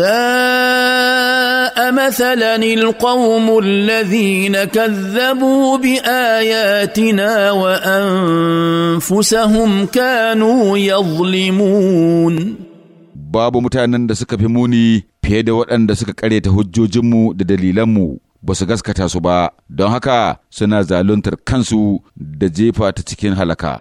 ساء مثلا القوم الذين كذبوا باياتنا وانفسهم كانوا يظلمون babu mutanen da suka fi muni fiye da waɗanda suka ƙareta hujjojinmu da dalilanmu ba su gaskata su ba don haka suna zaluntar kansu da jefa ta cikin halaka